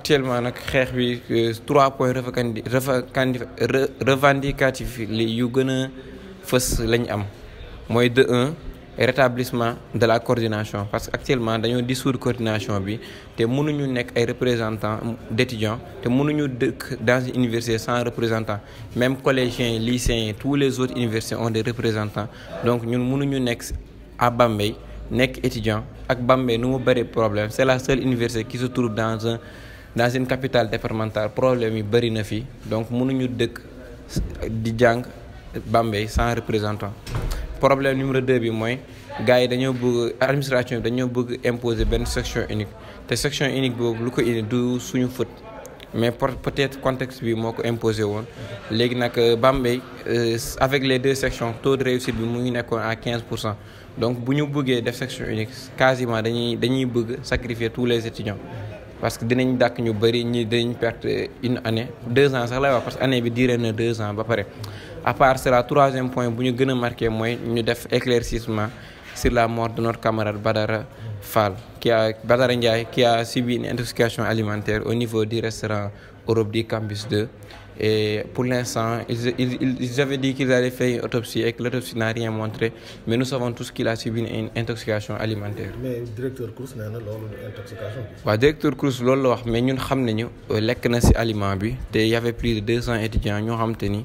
actuellement nag xeex bi euh, trois points refandi revendicatif li yu gën a fës lañ am mooy de un rétablissement de la coordination parce que actuellement dañoo dissoudre coordination bi te mënuñu nekk ay représentant d'étudiants te mënuñu dëkk dans une université sans représentant même collégiens lycéens tous les autres universités ont des représentants donc ñun mënuñu nekk à Bambey nekk étudiant ak Bambey nu mu bëri problème c'est la seule université qui se trouve dans dans capital capitale départementale problème yi bëri na fi donc mënuñu dëkk di jàng Bambey sans représentant problème numéro 2 bi mooy gars yi dañoo bëgg administration bi dañoo bëgg imposer benn section unique te section unique boobu lu ko indi du suñu fët mais peut-être contexte bi moo ko imposé woon léegi nag euh, Bambey euh, avec les deux sections taux de réussite bi mu ngi nekkoon à 15 pour cent donc bu ñu bëggee def section unique quasiment dañuy dañuy bëgg sacrifier tous les étudiants parce que dinañ dàkk ñu bëri ñi dinañ perte une année deux ans sax lay wax parce que année bi diire na deux ans ba pare à part la troisième point bu ñu gën a marqué mooy ñu def éclaircissement si la mort de notre camarade Badara Fall qui a Badara Ndiaye qui a subi une alimentaire au niveau du restaurant Europe du campus 2. Et pour l'instant, ils, ils, ils, avaient dit qu'ils allaient faire une autopsie et que l'autopsie n'a rien montré. Mais nous savons tous qu'il a subi une intoxication alimentaire. Mais le directeur Cruz n'a pas une intoxication Le directeur Cruz l'a dit, mais nous savons qu'il a aliment. Il y avait plus de 200 étudiants qui ont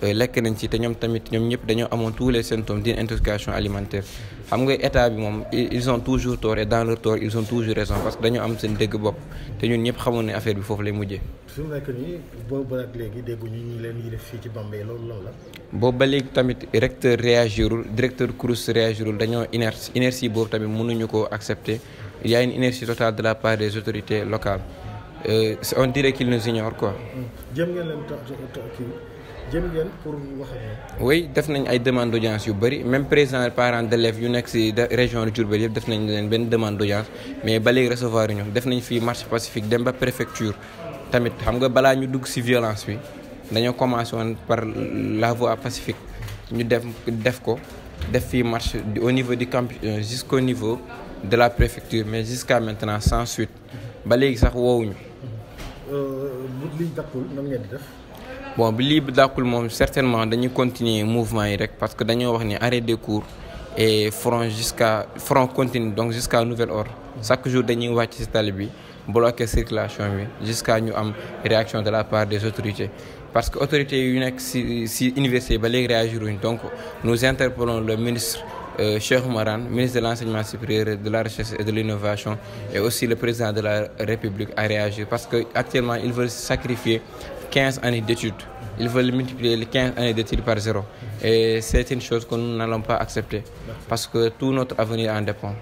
Euh, lekk nañ ci te ñoom tamit ñoom ñëpp dañoo amoon tous les symptômes d'une intoxication alimentaire xam nga état bi moom ils ont toujours tort et dans leur tort ils ont toujours raison parce que dañoo am seen dëgg bopp te ñun ñëpp xamoon ne affaire bi foofu lay mujjee. su ma boobu fii ci Bambey loolu lan la. boobu ba léegi tamit recteur réagirul directeur CROUS réagirul dañoo inerte inertie boobu tamit mënuñu ko accepter il y a une inertie totale de la part des autorités locales euh, on dirait qu'ils nous ignorent quoi. Hmm. jëm ngeen pour wax ak oui def nañ ay demande d' audience yu bëri même président parents d' élèves yu nekk si région de Diourbel yëpp def nañ leen benn demande d' audience mais ba léegi recevoir ñu def nañ fi marche pacifique dem ba préfecture tamit xam nga balaa ñu dugg si violence bi dañoo commencé woon par la voie pacifique ñu def def ko def fii marche au niveau du camp euh, jusqu'au niveau de la préfecture mais jusqu'à maintenant sans suite ba léegi sax woowuñu. Euh, bon bi lii dàqul moom certainement dañu continuer mouvement yi rek parce que dañoo wax ni arrêt des cours et front jusqu'à front continu donc jusqu'à nouvel ordre chaque jour dañuy wàcc ci tali bi bloquer circulation bi jusqu'à ñu am réaction de la part des autorités parce que autorités yu nekk ci ci université ba léegi réagiruñ donc nous interpellons le ministre euh, Cheikh Oumar Anne ministre de l'enseignement supérieur de la recherche et de l'innovation et aussi le président de la République à réagir parce que actuellement ils 15 années d'études. Ils veulent multiplier les 15 années d'études par zéro. Et c'est une chose que nous n'allons pas accepter parce que tout notre avenir en dépend.